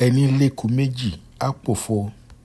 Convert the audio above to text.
ẹni léku méjì á